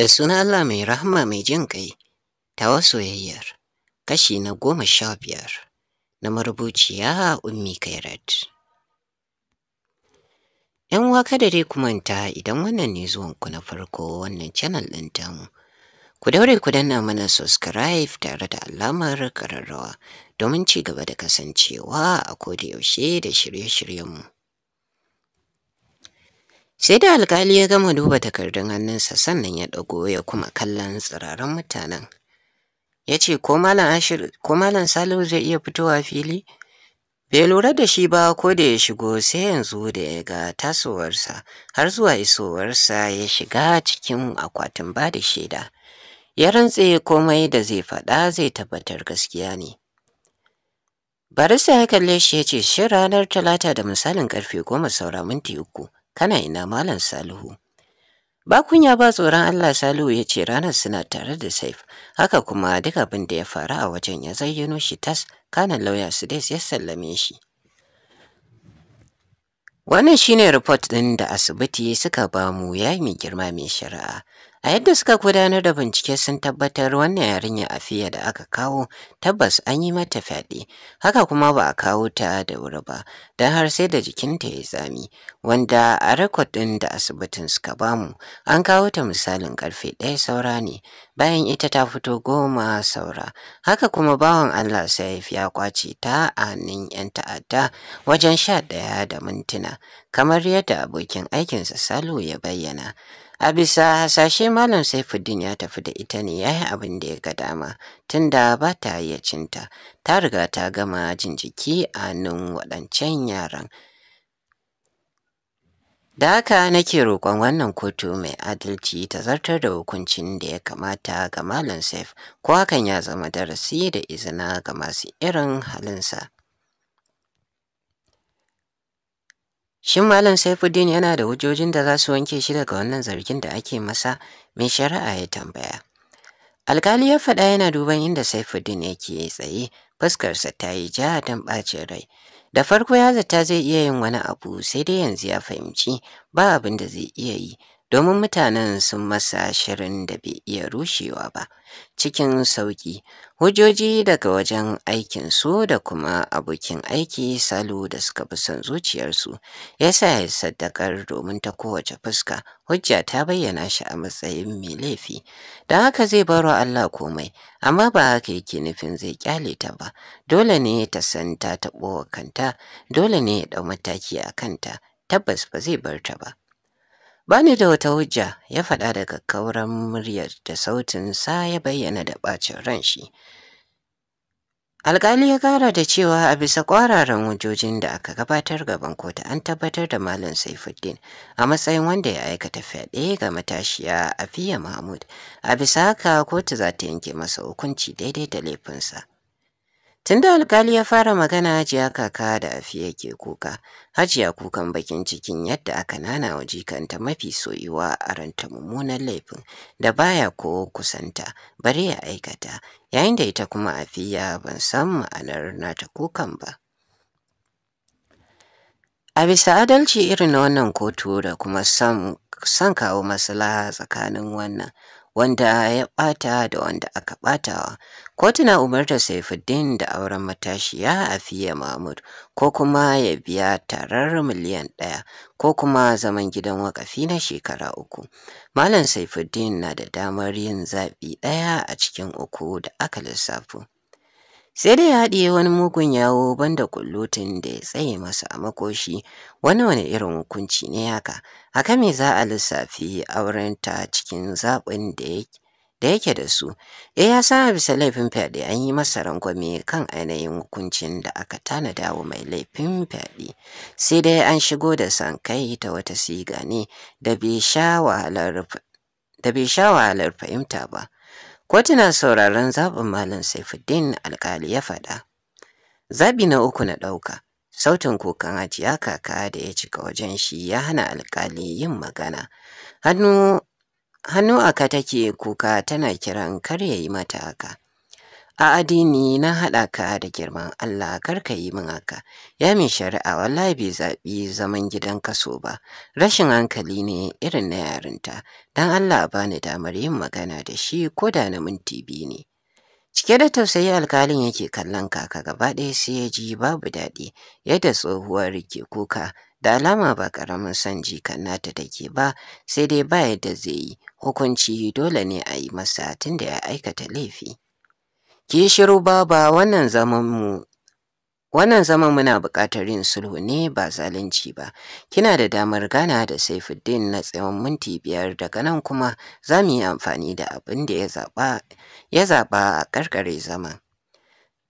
Da suna Allah mai rahama mai jin ta tawa soyayyar, kashi na goma sha biyar, na marubuciya Ummi Kairat. ‘Yan waka da dai kumanta idan wannan ne zuwanku na farko wannan channel ɗin tamu. Ku daure ku danna mana subscribe tare da alamar kararrawa domin ci gaba da kasancewa a da yaushe da shirye-shiryenmu. Sai da alkali ya gama duba takardun hannunsa sannan ya ɗago ya kuma kallon tsiraran mutanen. Ya ce, Ko Malam Salihu zai iya fitowa fili? Bai lura da shi ba ko da ya shigo sai yanzu da ya ga tasowarsa har zuwa isowarsa ya shiga cikin akwatin ba da shaida. Ya rantse komai da zai faɗa zai tabbatar gaskiya ne. Barista ya kalle shi ya ce, Shin ranar talata da misalin karfe goma saura minti uku. kana ina malam Salihu. Bakunya ba tsoron Allah Salihu ya ce ranar suna tare da Saif, haka kuma duk abin da ya faru a wajen ya zayyano shi tas kanan lauya su su ya sallame shi. Wannan shine report ɗin da asibiti suka bamu mu yayi mai girma mai shari'a. A yadda suka gudanar da bincike sun tabbatar wannan yarinya a fiye da aka kawo tabbas an yi mata fyaɗe, haka kuma ba a kawo ta da wuri ba, don har sai da jikinta ya zami, wanda a rikodin da asibitin suka bamu an kawo ta misalin karfe ɗaya saura ne, bayan ita ta fito goma saura, haka kuma bawan Allah Saif ya kwace ta a hannun 'yan ta'adda wajen sha ɗaya da mintuna, kamar yadda abokin aikinsa Salo ya bayyana. A bisa hasashe Malam Saifuddin ya tafi da ita ne ya yi abin da ya ga dama tun da ba ta cinta ta riga ta gama jin jiki a nan waɗancan yaran. Da haka nake roƙon wannan kotu mai adalci ta zartar da hukuncin da ya kamata ga Malam Saif, ko hakan ya zama darasi da izina ga masu irin halinsa. Shin Malam Saifuddin yana da hujjojin da za su wanke shi daga wannan zargin da ake masa? Mai shari'a ya tambaya. Alkali ya faɗa yana duban inda Saifuddin yake tsaye, fuskarsa ta yi ja don ɓacin rai. Da farko ya zata zai iya yin wani abu sai dai yanzu ya fahimci ba abin da zai iya yi domin mutanen sun masa shirin da bai iya rushewa ba cikin sauƙi hujjoji daga wajen aikinsu da kuma abokin aiki salo da suka fi son zuciyarsu ya sa ya saddakar domin ta kowace fuska hujja ta bayyana shi a matsayin mai laifi don haka zai baro Allah komai amma ba haka yake nufin zai kyale ta ba dole ne ta san ta taɓo kanta dole ne ya ɗau mataki a kanta tabbas ba zai bar ta ba Bani da wata hujja ya faɗa daga kauran muryar da sautin sa ya bayyana da ɓacin ran shi. Alƙali ya ƙara da cewa a bisa ƙwararren wujojin da aka gabatar gaban kotu an tabbatar da Malam Saifuddin a matsayin wanda ya aikata fyaɗe ga matashiya a Afiya Mahmud. A bisa haka kotu za ta yanke masa hukunci daidai da laifinsa. Tunda alkali ya fara magana hajiya kaka da afi yake kuka, hajiya kukan bakin cikin yadda aka nana wa jikanta mafi soyuwa a ranta mummunan laifin da baya ko kusanta bare ya aikata, yayin da ita kuma afiya ban san ma'anar nata kukan ba. A bisa adalci irin na wannan kotu da kuma san kawo maslaha tsakanin wannan wanda ya ɓata da wanda aka ɓatawa kotuna umarta da saifuddin da auren matashiya a fiye mahmud ko kuma ya biya tarar miliyan ɗaya ko kuma zaman gidan wakafi na shekara uku malam saifuddin na da damar yin zaɓi ɗaya a cikin uku da aka lissafo sai dai ya haɗiye wani mugun yawo banda kullutun da ya tsaye masa a makoshi wani wani irin hukunci ne haka haka me za a lissafi aurenta cikin zaɓin da yake da su eh, ya ya sa bisa laifin fyaɗe an yi masa rangwame kan ainihin hukuncin da aka tanada wa mai laifin fyaɗe sai dai an shigo da sankai ta wata siga ne da bai sha wahalar fahimta ba Kotuna sauraron zaɓin Malam Saifuddin alƙali ya faɗa. Zabi na uku na ɗauka, sautin kukan ajiya kaka da ya cika wajen shi ya hana alƙali yin magana. Hannu a katake take kuka tana kiran kar ya yi mata haka. a addini na haɗa ka da girman Allah kar ka yi min haka ya min shari'a wallahi bai zaɓi zaman gidan kaso ba rashin hankali ne irin na yarinta don Allah ba ni damar yin magana da shi ko da na minti biyu ne Cike da tausayi alkalin yake kallon kaka gaba ɗaya sai ya ji babu daɗi yadda tsohuwar rike kuka da alama ba ƙaramin son jikan nata take ba sai dai ba yadda zai yi hukunci dole ne a yi masa tunda ya aikata laifi. Ki shiru baba wannan zaman Wannan zaman muna buƙatar yin sulhu ne ba zalunci ba. Kina da damar gana da Saifuddin na tsawon minti biyar daga nan kuma za mu yi amfani da abin da ya zaɓa ya zaɓa a ƙarƙare zaman.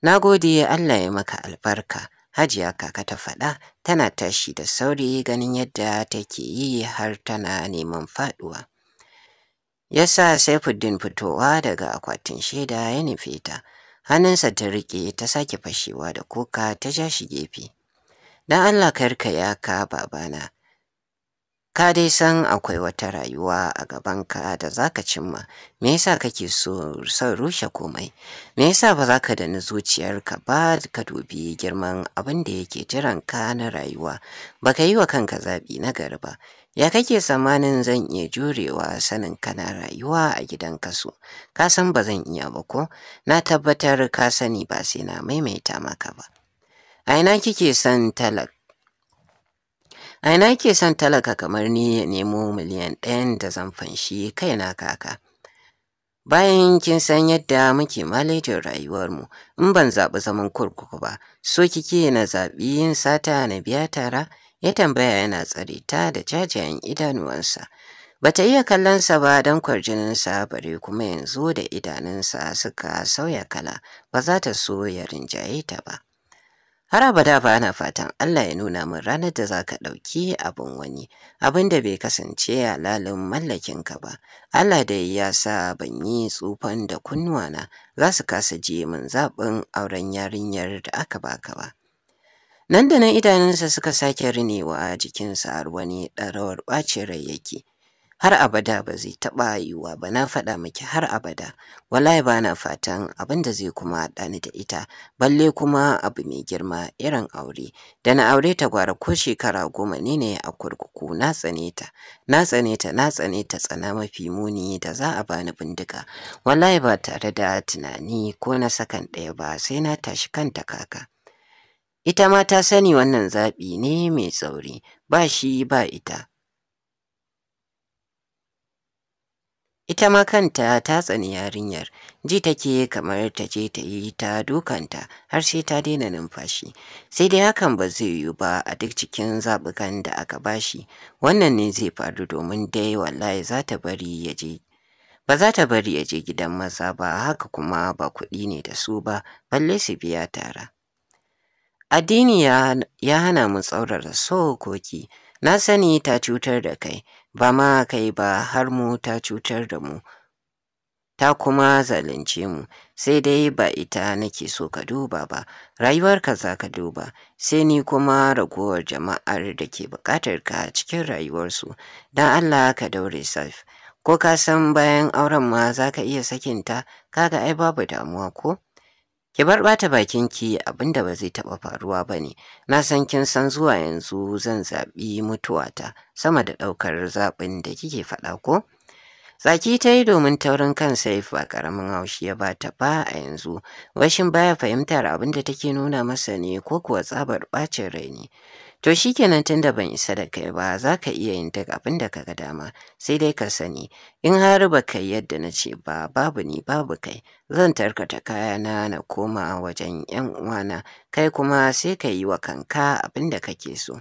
Na gode Allah ya maka albarka. Hajiya kaka ta faɗa tana tashi da sauri ganin yadda take yi har tana neman faɗuwa. Ya sa Saifuddin fitowa daga akwatin shaida ya nufe ta. hannunsa ta riƙe ta sake fashewa da kuka ta ja shi gefe. Dan Allah karka ya ka babana, ka dai san akwai wata rayuwa a gabanka da za ka cimma me yasa kake so son rushe komai me yasa ba za ka dani zuciyarka ba ka dubi girman abin da yake jiran ka na rayuwa ba ka yi wa kanka zaɓi na gari ba ya kake tsammanin zan iya jurewa sanin kana rayuwa a gidan kaso ka san ba zan iya ba ko na tabbatar ka sani ba sai na maimaita maka ba a ina kike son talak A ina ke son talaka kamar ni ya nemo miliyan ɗayan da zan fanshi na kaka. Bayan kin san yadda muke malejin rayuwarmu, in ban zaɓi zaman kurkuku ba, so kike na zaɓi yin sata na biya tara, ya tambaya yana tsare ta da jajayen idanuwansa. Bata iya kallonsa ba don kwarjininsa bare kuma yanzu da idanunsa suka sauya kala, ba za ta so ya rinjaye ta ba. Har abada ba ana fatan Allah ya nuna min ranar da za ka ɗauki abin wani, abin da bai kasance a halalin mallakinka ba. Allah da ya sa ban yi tsufan da kunnuwana za su kasa je min zaɓin auren yarinyar da aka baka ba. Nan da nan idanunsa suka sake rinewa jikinsa har wani ɗarawar ɓacin rai yake, har abada ba zai taɓa yiwuwa ba na faɗa miki har abada wallahi ba na fatan abin da zai kuma haɗa ni da ita balle kuma abu mai girma irin aure da na aure ta gwara ko shekara goma ne ne a kurkuku na tsane ta na tsane ta na tsane ta tsana mafi muni da za a bani bindiga wallahi ba tare da tunani ko na sakan ɗaya ba sai na tashi kanta kaka ita ma ta sani wannan zaɓi ne mai tsauri ba shi ba ita Ita ma kanta ta tsani yarinyar, ji take kamar ta je ta yi ta dukanta har sai ta daina numfashi. Sai dai hakan ba zai yiwu ba a duk cikin zaɓukan da aka bashi, wannan ne zai faru domin dai wallahi za ta bari ya je ba za ta bari ya je gidan maza ba haka kuma ba kuɗi ne da su ba balle su biya tara. Addini ya hana mu tsaurara so koki, na sani ta cutar da kai, ba ma kai ba har mu ta cutar da mu ta kuma zalunce mu sai dai ba ita nake so ka duba ba rayuwarka za ka duba sai ni kuma ragowar jama'ar da ke buƙatar ka cikin rayuwarsu don Allah ka daure saif ko ka san bayan auren ma za ka iya sakinta kaga ai babu damuwa ko Ki bar bata bakinki abinda ba zai taba faruwa bane na san kin san zuwa yanzu zan zaɓi mutuwata sama da ɗaukar zaɓin da kike faɗa ko? Zaki ta yi domin taurin kan Saif ba karamin haushi ya bata ba a yanzu, washin baya fahimtar abinda take nuna masa ne ko kuwa tsabar ɓacin rai ne. To shi kenan tun da ban isa da kai ba za ka iya yin duk abin da ka ga dama sai dai ka sani in har ba kai yadda na ce ba babu ni babu kai zan tarkata kaya na na koma wajen yan uwana kai kuma sai ka yi wa kanka abin da kake so.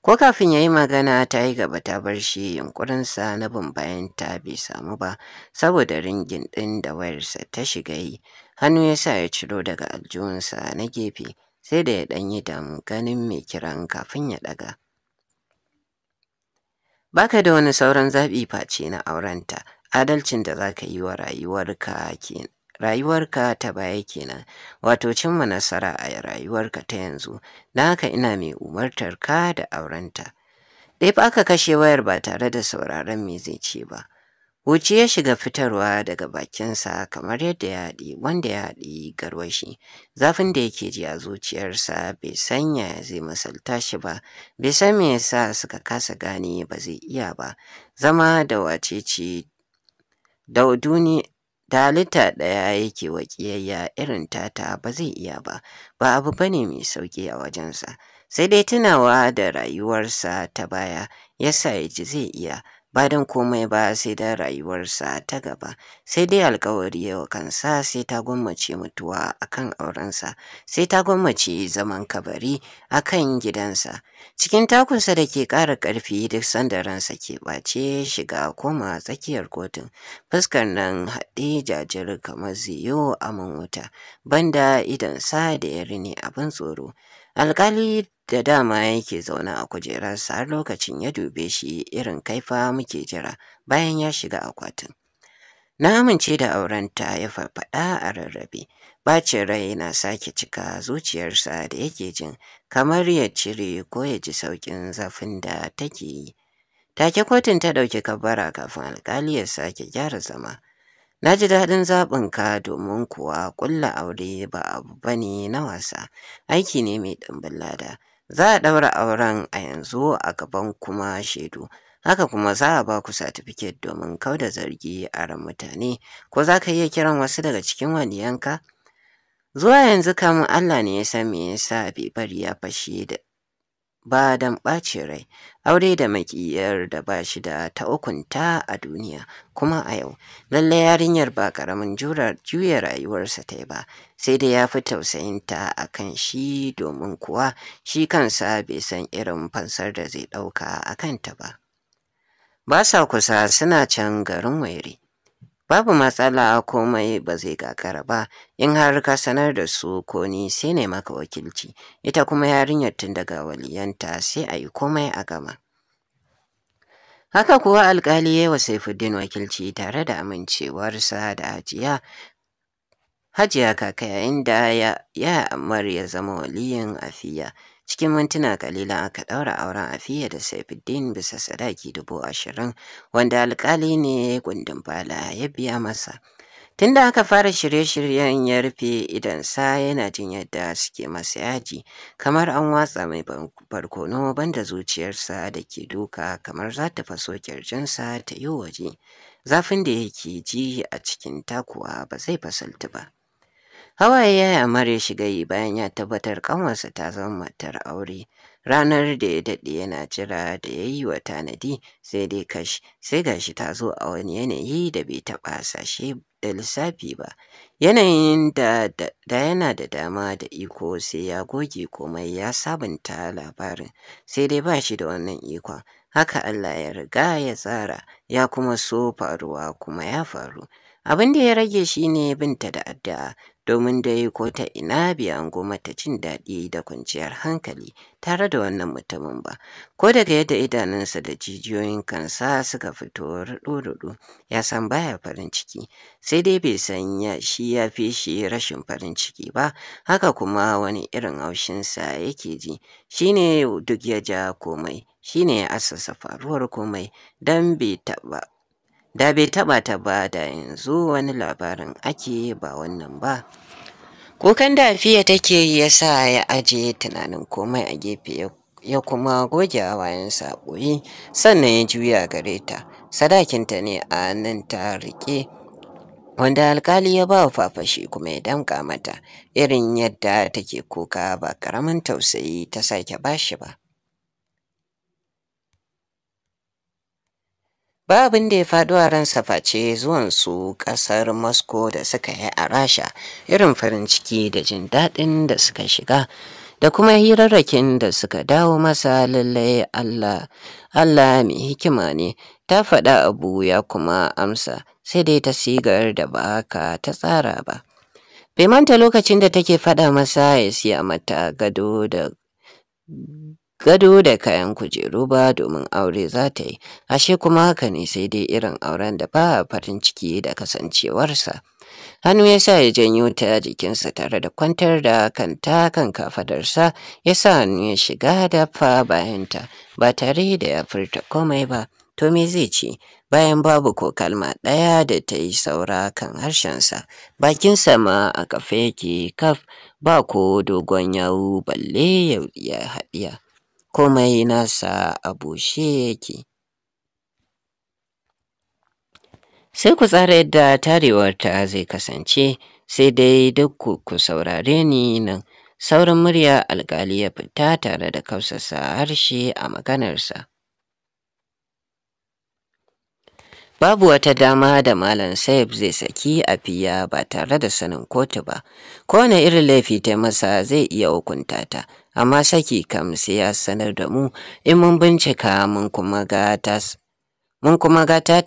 Ko kafin ya yi magana ta yi gaba ta bar shi yunkurinsa na bin bayan ta bai samu ba saboda ringin ɗin da wayarsa ta shiga yi hannu ya sa ya ciro daga aljihunsa na gefe sai da ya ɗan yi ganin mai kiran kafin ya ɗaga. Baka da wani sauran zaɓi face na aurenta, adalcin da za ka yi wa rayuwarka kenan. rayuwarka ta baya kenan wato cimma nasara a rayuwarka ta yanzu na haka ina mai umartar ka da aurenta Ɗai ba aka kashe wayar ba tare da sauraron me zai ce ba Wuce ya shiga fitarwa daga bakinsa kamar yadda ya haɗi wanda ya haɗi garwashi. Zafin da yake ji a zuciyarsa bai sanya zai misalta shi ba, bai san me yasa suka kasa gane ba zai iya ba. Zama da wacece ce da halitta ɗaya yake wa irin tata ba zai iya ba, ba abu bane mai sauƙi a wajensa. Sai dai tunawa da rayuwarsa ta baya yasa ya ji zai iya. ba komai ba sai da rayuwarsa ta gaba sai dai alkawari ya wa kansa sai ta gwammace mutuwa akan aurensa sai ta gwammace zaman kabari akan gidansa cikin takunsa da ke ƙara ƙarfi duk sanda ransa ke ɓace shiga koma tsakiyar kotun fuskar nan haɗe jajir kamar ziyo aman wuta banda idansa da ya rini abin tsoro alkali da dama yake zaune a kujerarsa har lokacin ya dube shi irin kaifa muke jira bayan ya shiga akwatin. Na amince da aurenta ya farfada a rarrabe, bacin rai na sake cika zuciyarsa da yake jin kamar ya cire ko ya ji saukin zafin da take yi. Take kotun ta ɗauki kabara kafin alkali ya sake gyara zama. Na ji daɗin ka domin kuwa ƙulla aure ba abu bane na wasa, aiki ne mai ɗimbin lada. Za a ɗaura auren a yanzu a gaban kuma shaidu. Haka kuma za a ba ku satifiket domin kau da zargi a ran mutane. Ko za ka iya kiran wasu daga cikin wani yanka. Zuwa yanzu kam Allah ne ya san me yasa bai bari ya fashe da ba dan ɓacin rai aure da makiyar da ba shi da ta ukunta a duniya kuma a yau lallai yarinyar ba ƙaramin juya rayuwarsa ta ba sai dai ya fi tausayinta a kan shi domin kuwa shi kansa bai san irin fansar da zai ɗauka a kanta ba ba sa kusa suna can garin wairi babu matsala a komai ba zai kakara ba in har ka sanar da su ko ni sai ne maka wakilci ita kuma yarinyar tun daga waliyanta sai a yi komai a gama haka kuwa alkali ya wa saifuddin wakilci tare da amincewarsa da ajiya hajiya kaka yayin da ya ammar ya zama waliyin afiya Cikin mintuna ƙalilan aka ɗaura auren Afiya da Saifuddin bisa sadaki dubu ashirin wanda alkali ne gundun bala ya biya masa. Tunda aka fara shirye-shiryen ya rufe idansa yana jin yadda suke masa yaji kamar an watsa mai barkono banda zuciyarsa da ke duka kamar za ta faso kirjinsa ta yi waje. Zafin da yake ji a cikin takuwa ba zai fasalta ba. Hawaye ya yi ya shiga yi bayan ya tabbatar kanwarsa ta zama matar aure. Ranar da ya daɗe yana jira da ya yi wa tanadi sai dai kashi sai gashi ta zo a wani yanayi da bai taɓa sashe da lissafi ba. Yanayin da, yana da dama da iko sai ya goge komai ya sabunta labarin sai dai ba shi da wannan ikon. Haka Allah ya riga ya tsara ya kuma so faruwa kuma ya faru. Abin da ya rage shi ne binta da addu'a domin dai ko ta ina biyan goma ta jin daɗi da kwanciyar hankali tare da wannan mutumin ba ko daga yadda idanunsa da jijiyoyin kansa suka fito ruɗu-ruɗu ya san baya farin ciki sai dai bai san ya shi ya fi shi rashin farin ciki ba haka kuma wani irin haushinsa yake ji shine duk ya ja komai shine ya asasa faruwar komai don bai taɓa da bai taɓa ta ba da yanzu wani labarin ake ba wannan ba kukan da fiye take ya sa ya ajiye tunanin komai a gefe ya kuma goge wayan ɓoye sannan ya juya gare ta sadakinta ne a nan ta riƙe wanda alkali ya ba fafashi kuma ya damƙa mata irin yadda take kuka ba karamin tausayi ta sake bashi ba. ba abin da ya faɗo a ransa face zuwan su ƙasar Moscow da suka yi a Rasha irin farin ciki da jin daɗin da suka shiga da kuma hirarrakin da suka dawo masa lallai Allah Allah mai hikima ne ta faɗa abu ya kuma amsa sai dai ta sigar da ba ka ta tsara ba bai manta lokacin da take faɗa masa ya siya mata gado da gado da kayan kujeru ba domin aure za ta yi ashe kuma haka ne sai dai irin auren da ba farin ciki da kasancewarsa hannu ya sa ya janyo ta jikinsa tare da kwantar da kanta kan kafadarsa ya sa hannu ya shiga da fa bayanta ba tare da ya furta komai ba to me zai ce bayan babu ko kalma ɗaya da ta yi saura kan harshensa bakinsa ma a kafe yake kaf ba ko dogon yawu balle ya haɗiya komai nasa a bushe yake sai ku tsara yadda ta zai kasance sai dai duk ku saurare ni nan saurin murya alkali ya fita tare da kausasa harshe a maganarsa babu wata dama da malam saif zai saki a fiya ba tare da sanin kotu ba kowane irin laifi ta masa zai iya hukunta ta amma saki kam sai ya sanar da mu in mun bincika mun kuma ga tas mun kuma ga ta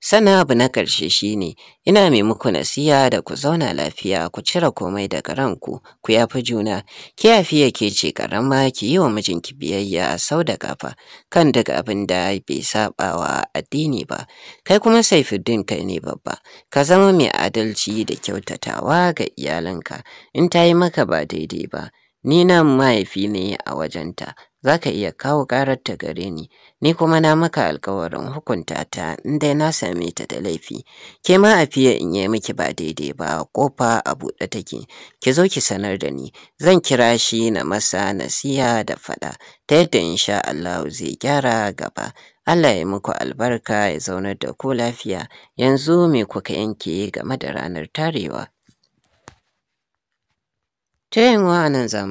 sana abu na ƙarshe shine ina mai muku nasiya da ku zauna lafiya ku cire komai daga ranku ku yafi juna ki yafi ke ce karama ki yi wa mijinki biyayya a sau da gafa kan daga abin da bai saba wa addini ba kai kuma saifuddin kai ne babba ka zama mai adalci da kyautatawa ga iyalanka in ta yi maka ba daidai ba ni nan mahaifi ne a wajenta, za ka iya kawo ƙararta gare ni, ni kuma na maka alkawarin hukunta ta in dai na same ta da laifi. Ke ma a fiye in yi miki ba daidai ba, kofa a buɗe take, ki zo ki sanar da ni, zan kira shi na masa nasiha da faɗa, ta yadda in sha Allah zai gyara gaba. Allah ya muku albarka ya zaunar da ku lafiya, yanzu me kuka yanke game da ranar tarewa? Ta yunwa a nan za